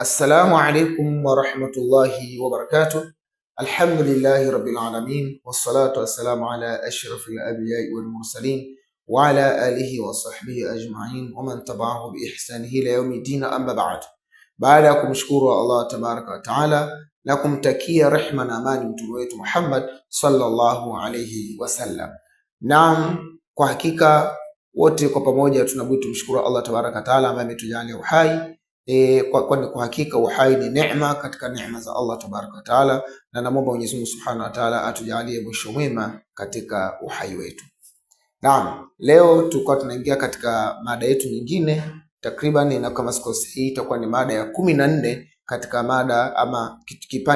السلام عليكم ورحمة الله وبركاته الحمد لله رب العالمين والصلاة والسلام على أشرف الأنبياء والمرسلين وعلى آله وصحبه أجمعين ومن تبعه بإحسانه إلى يوم الدين أما بعد baada ya kumshukuru Allah tabaraka wa taala na kumtakia rehma na amani mtume wetu Muhammad sallallahu alayhi wasallam. Naam, kwa hakika wote kwa pamoja tunabudi tumshukuru Allah tabaraka wa taala ambaye ametujalia uhai E, kwani kwa hakika uhai ni neema katika neema za Allah tabaraka wataala, na namwomba Mwenyezi Mungu subhanahu wataala atujalie mwisho mwema katika uhai wetu. Naam, leo tulikuwa tunaingia katika mada yetu nyingine, takriban na kama hii itakuwa ni mada ya kumi na nne katika mada ama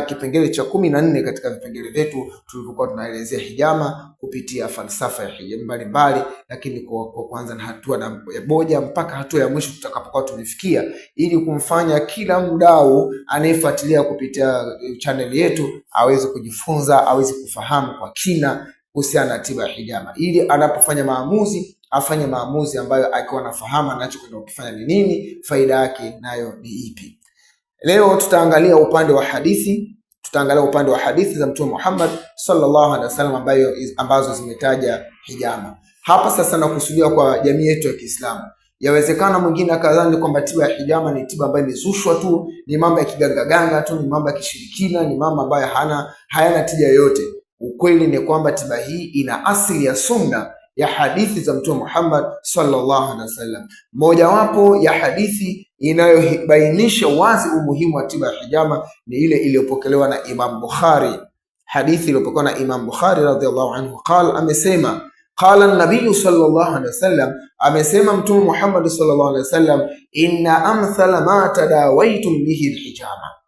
kipengele cha kumi na nne katika vipengele vyetu tulivyokuwa tunaelezea hijama kupitia falsafa ya hija mbalimbali, lakini kwa, kwa kwanza na hatua na moja mpaka hatua ya mwisho tutakapokuwa tumefikia, ili kumfanya kila mdau anayefuatilia kupitia eh, chaneli yetu aweze kujifunza, aweze kufahamu kwa kina kuhusiana na tiba ya hijama, ili anapofanya maamuzi afanye maamuzi ambayo akiwa anafahamu anachokwenda kufanya ni nini, faida yake nayo ni ipi. Leo tutaangalia upande wa hadithi, tutaangalia upande wa hadithi za Mtume Muhammad sallallahu alaihi wasallam ambayo ambazo zimetaja hijama. Hapa sasa nakusudia kwa jamii yetu ya Kiislamu. Yawezekana mwingine akadhani kwamba tiba ya hijama ni tiba ambayo imezushwa tu, ni mambo ya kigangaganga tu, ni mambo ya kishirikina, ni mambo ambayo hana hayana tija yoyote. Ukweli ni kwamba tiba hii ina asili ya sunna ya hadithi za Mtume Muhammad sallallahu alaihi wasallam. Mojawapo ya hadithi inayobainisha wazi umuhimu wa tiba ya hijama ni ile iliyopokelewa na Imam Bukhari. Hadithi iliyopokelewa na Imam Bukhari radhiallahu anhu qala, amesema Qala nabiyu sallallahu alaihi wasallam, amesema Mtume Muhammad sallallahu alaihi wasallam, inna amthala ma tadawaitum bihi alhijama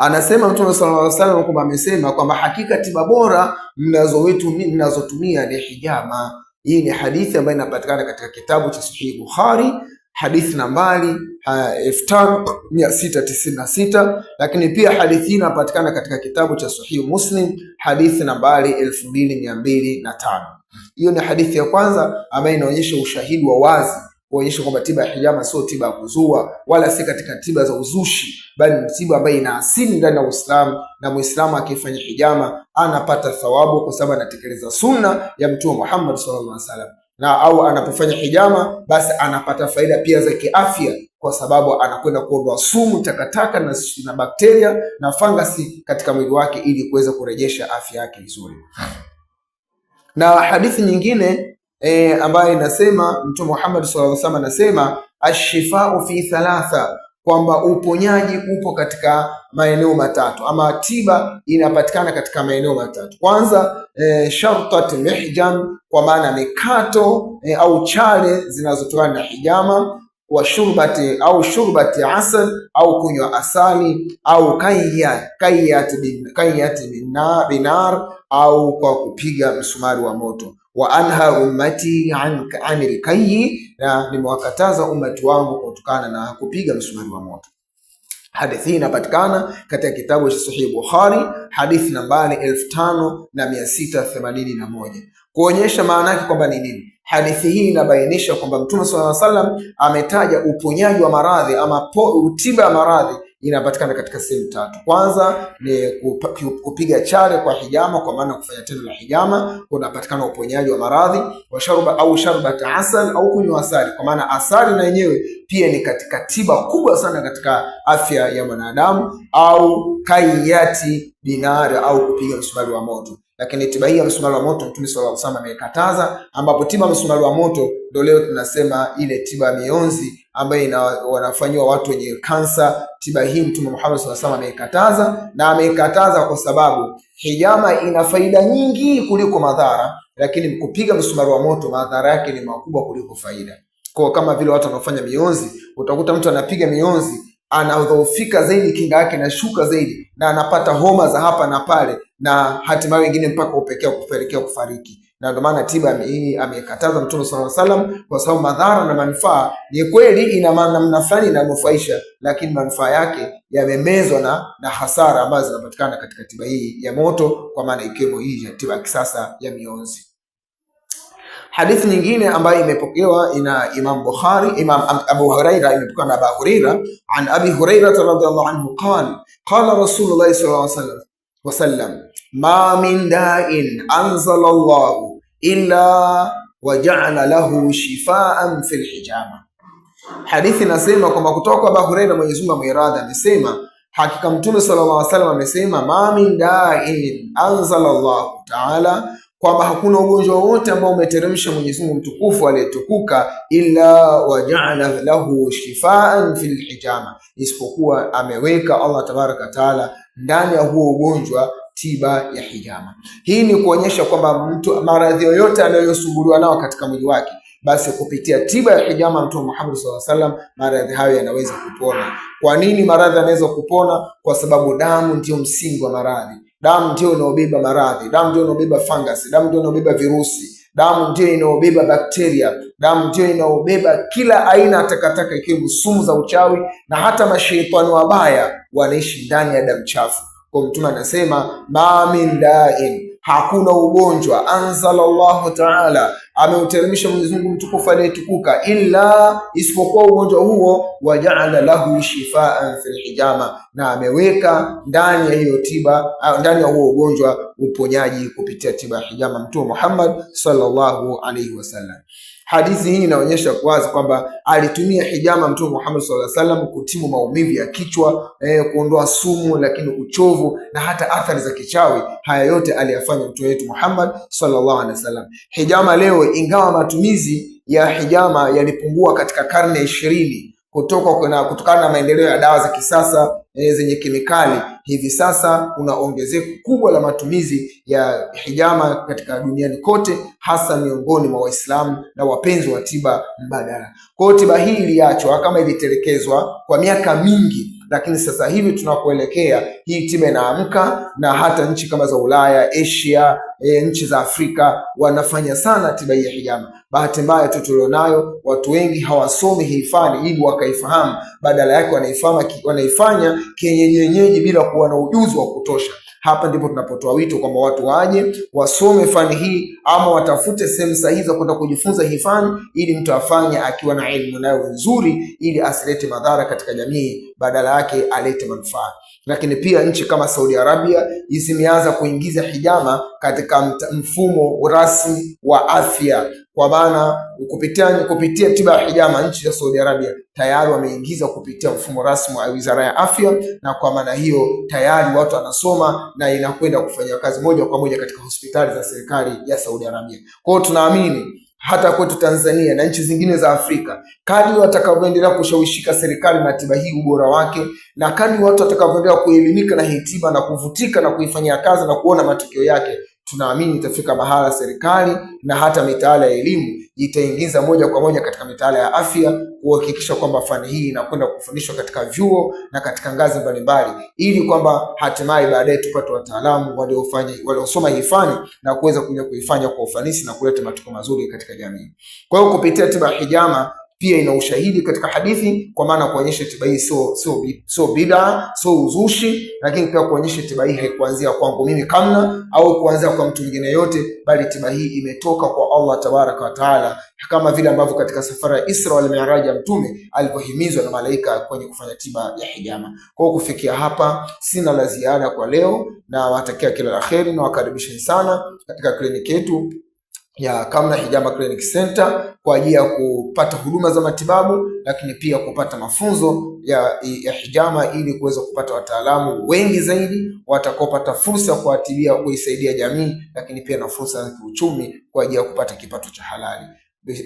anasema Mtume sallallahu alaihi wasallam kwamba amesema kwamba hakika tiba bora mnazotumia ni hijama. Hii ni hadithi ambayo inapatikana katika kitabu cha Sahihi Bukhari, hadithi nambari 5696 ah, lakini pia hadithi hii inapatikana katika kitabu cha Sahihi Muslim, hadithi nambari 2205. Hiyo ni hadithi ya kwanza ambayo inaonyesha ushahidi wa wazi kuonyesha kwamba tiba ya hijama sio tiba ya kuzua wala si katika tiba za uzushi, bali ni tiba ambayo ina asili ndani ya Uislamu, na Muislamu akifanya hijama anapata thawabu kwa sababu anatekeleza sunna ya Mtume Muhammad sallallahu alaihi wasallam na au anapofanya hijama basi anapata faida pia za kiafya, kwa sababu anakwenda kuondoa sumu, takataka na, na bakteria na fangasi katika mwili wake ili kuweza kurejesha afya yake vizuri. Na hadithi nyingine e, ambayo inasema Mtume Muhammad sallallahu alaihi wasallam anasema ashifau fi thalatha, kwamba uponyaji upo katika maeneo matatu, ama tiba inapatikana katika maeneo matatu. Kwanza e, shartat mihjam, kwa maana mikato e, au chale zinazotokana na hijama wa shurbati au shurbati asal au kunywa asali au kayyat binar au kwa kupiga msumari wa moto wa anha ummati an anil na nimewakataza ummati wangu kutokana na kupiga msumari wa moto. Hadithi hii inapatikana katika kitabu cha sahih Bukhari, hadithi nambari elfu tano na mia sita themanini na moja kuonyesha maana yake kwamba ni nini. Hadithi hii inabainisha kwamba Mtume sallallahu alaihi wasallam ametaja uponyaji wa maradhi ama utiba ya maradhi inapatikana katika sehemu tatu. Kwanza ni kupiga chale kwa hijama, kwa maana kufanya tendo la hijama, kunapatikana uponyaji wa maradhi. Wa sharba au sharbat asal, au kunywa asali, kwa maana asali na yenyewe pia ni katika tiba kubwa sana katika afya ya mwanadamu, au kaiyati binari, au kupiga msumari wa moto lakini tiba hii ya msumari wa moto Mtume sallallahu alaihi wasallam amekataza, ambapo tiba ya msumari wa moto ndio leo tunasema ile tiba ya mionzi ambayo wanafanyiwa watu wenye kansa. Tiba hii Mtume Muhammad sallallahu alaihi wasallam amekataza, na amekataza kwa sababu hijama ina faida nyingi kuliko madhara, lakini kupiga msumari wa moto madhara yake ni makubwa kuliko faida. Kwa kama vile watu wanaofanya mionzi, utakuta mtu anapiga mionzi anadhoofika zaidi, kinga yake inashuka zaidi, na anapata homa za hapa na pale, na hatimaye wengine mpaka upekea kupelekea kufariki. Na ndio maana tiba hii amekataza Mtume sallallahu alaihi wasallam, kwa sababu madhara na manufaa ni kweli, ina namna fulani inanufaisha, lakini manufaa yake yamemezwa na na hasara ambazo zinapatikana katika tiba hii ya moto, kwa maana ikiwemo hii ya tiba ya kisasa ya mionzi. Hadithi nyingine ambayo imepokewa ina Imam Bukhari, Imam Abu Huraira, imepokewa na Abu Huraira an Abi Huraira radhiyallahu anhu qala qala Rasulullah sallallahu alaihi wasallam ma min da'in anzala Allahu illa waja'ala lahu shifaan fi lhijama Hadithi inasema kwamba kutoka kwa Abu Huraira, Mwenyezi Mungu amwiradha, amesema hakika Mtume sallallahu alaihi wasallam amesema ma min da'in anzala Allahu ta'ala kwamba hakuna ugonjwa wowote ambao umeteremsha Mwenyezi Mungu mtukufu aliyetukuka, illa wajaala lahu shifaan fil hijama, isipokuwa ameweka Allah tabaraka wataala ndani ya huo ugonjwa tiba ya hijama. Hii ni kuonyesha kwamba mtu maradhi yoyote anayosuguliwa nao katika mwili wake, basi kupitia tiba ya hijama Mtume Muhammad SAW alaihi maradhi hayo yanaweza kupona. Kwa nini maradhi yanaweza kupona? Kwa sababu damu ndiyo msingi wa maradhi. Damu ndio inayobeba maradhi, damu ndio inayobeba fangasi, damu ndio inayobeba virusi, damu ndio inayobeba bakteria, damu ndio inayobeba kila aina ya takataka, ikiwemo sumu za uchawi na hata masheitani wabaya wanaishi ndani ya damu chafu. Kwa Mtume anasema ma min dain hakuna ugonjwa. Anzalallahu taala, ameuteremsha Mwenyezi Mungu mtukufu aliyetukuka illa, isipokuwa ugonjwa huo. Wajaala lahu shifaan fil hijama, na ameweka ndani ya hiyo tiba, ndani ya huo ugonjwa uponyaji kupitia tiba ya hijama, Mtume Muhammad sallallahu alaihi wasallam. Hadithi hii inaonyesha wazi kwamba alitumia hijama Mtume Muhammad sallallahu alaihi wasallam kutibu maumivu ya kichwa eh, kuondoa sumu, lakini uchovu na hata athari za kichawi. Haya yote aliyafanya mtume wetu Muhammad sallallahu alaihi wasallam. Hijama leo, ingawa matumizi ya hijama yalipungua katika karne ya ishirini kutoka kutokana na maendeleo ya dawa za kisasa Eh, zenye kemikali, hivi sasa kuna ongezeko kubwa la matumizi ya hijama katika duniani kote, hasa miongoni mwa Waislamu na wapenzi wa tiba mbadala. Kwa hiyo tiba hii iliachwa kama ilitelekezwa kwa miaka mingi lakini sasa hivi tunakoelekea hii tiba inaamka, na hata nchi kama za Ulaya, Asia e, nchi za Afrika wanafanya sana tiba ya hijama. Bahati mbaya tu tulionayo, watu wengi hawasomi hii fani ili wakaifahamu, badala yake wanaifanya kienyenyeji bila kuwa na ujuzi wa kutosha. Hapa ndipo tunapotoa wito kwamba watu waje wasome fani hii ama watafute sehemu sahihi za kwenda kujifunza hii fani, ili mtu afanye akiwa na elimu nayo nzuri, ili asilete madhara katika jamii, badala yake alete manufaa lakini pia nchi kama Saudi Arabia zimeanza kuingiza hijama katika mfumo rasmi wa afya, kwa maana kupitia kupitia tiba ya hijama, nchi ya Saudi Arabia tayari wameingiza kupitia mfumo rasmi wa Wizara ya Afya, na kwa maana hiyo tayari watu wanasoma na inakwenda kufanya kazi moja kwa moja katika hospitali za serikali ya Saudi Arabia. Kwa hiyo tunaamini hata kwetu Tanzania na nchi zingine za Afrika, kadri watakavyoendelea kushawishika serikali na tiba hii ubora wake, na kadri watu watakavyoendelea kuelimika na hitiba na kuvutika na kuifanyia kazi na kuona matokeo yake tunaamini itafika mahala serikali na hata mitaala ya elimu itaingiza moja kwa moja katika mitaala ya afya kuhakikisha kwamba fani hii inakwenda kufundishwa katika vyuo na katika ngazi mbalimbali, ili kwamba hatimaye baadaye tupate wataalamu waliofanya waliosoma hii fani na kuweza kuja kuifanya kwa ufanisi na kuleta matokeo mazuri katika jamii. Kwa hiyo kupitia tiba hijama pia ina ushahidi katika hadithi, kwa maana kuonyesha tiba hii sio sio sio bida sio uzushi, lakini pia kuonyesha tiba hii haikuanzia kwangu mimi Kamna au kuanzia kwa mtu mwingine yote, bali tiba hii imetoka kwa Allah tabaraka wa taala, kama vile ambavyo katika safari ya Isra wal Mi'raj ya Mtume alipohimizwa na malaika kwenye kufanya tiba ya hijama. Kwa kufikia hapa sina la ziada kwa leo, na watakia kila la heri na wakaribisheni sana katika kliniki yetu ya Kamna Hijama Clinic Center kwa ajili ya kupata huduma za matibabu, lakini pia kupata mafunzo ya, ya hijama ili kuweza kupata wataalamu wengi zaidi watakaopata fursa ya kuatibia kuisaidia jamii, lakini pia na fursa za kiuchumi kwa ajili ya kupata kipato cha halali.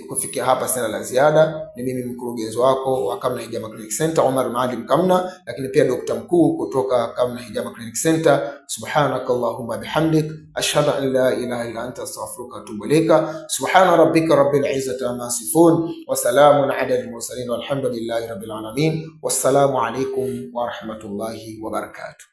Kufikia hapa sina la ziada. Ni mimi mkurugenzi wako wa Kamna Hijama Clinic Center Omar Maalim Kamna, lakini pia dokta mkuu kutoka Kamna Hijama Clinic Center. Subhanaka Allahumma bihamdik ashhadu an la ilaha illa anta astaghfiruka wa atubu ilaika. Subhana rabbika rabbil izzati amma yasifun wa salamun ala al mursalin walhamdulillahi rabbil alamin. Wassalamu alaykum wa rahmatullahi wa barakatuh.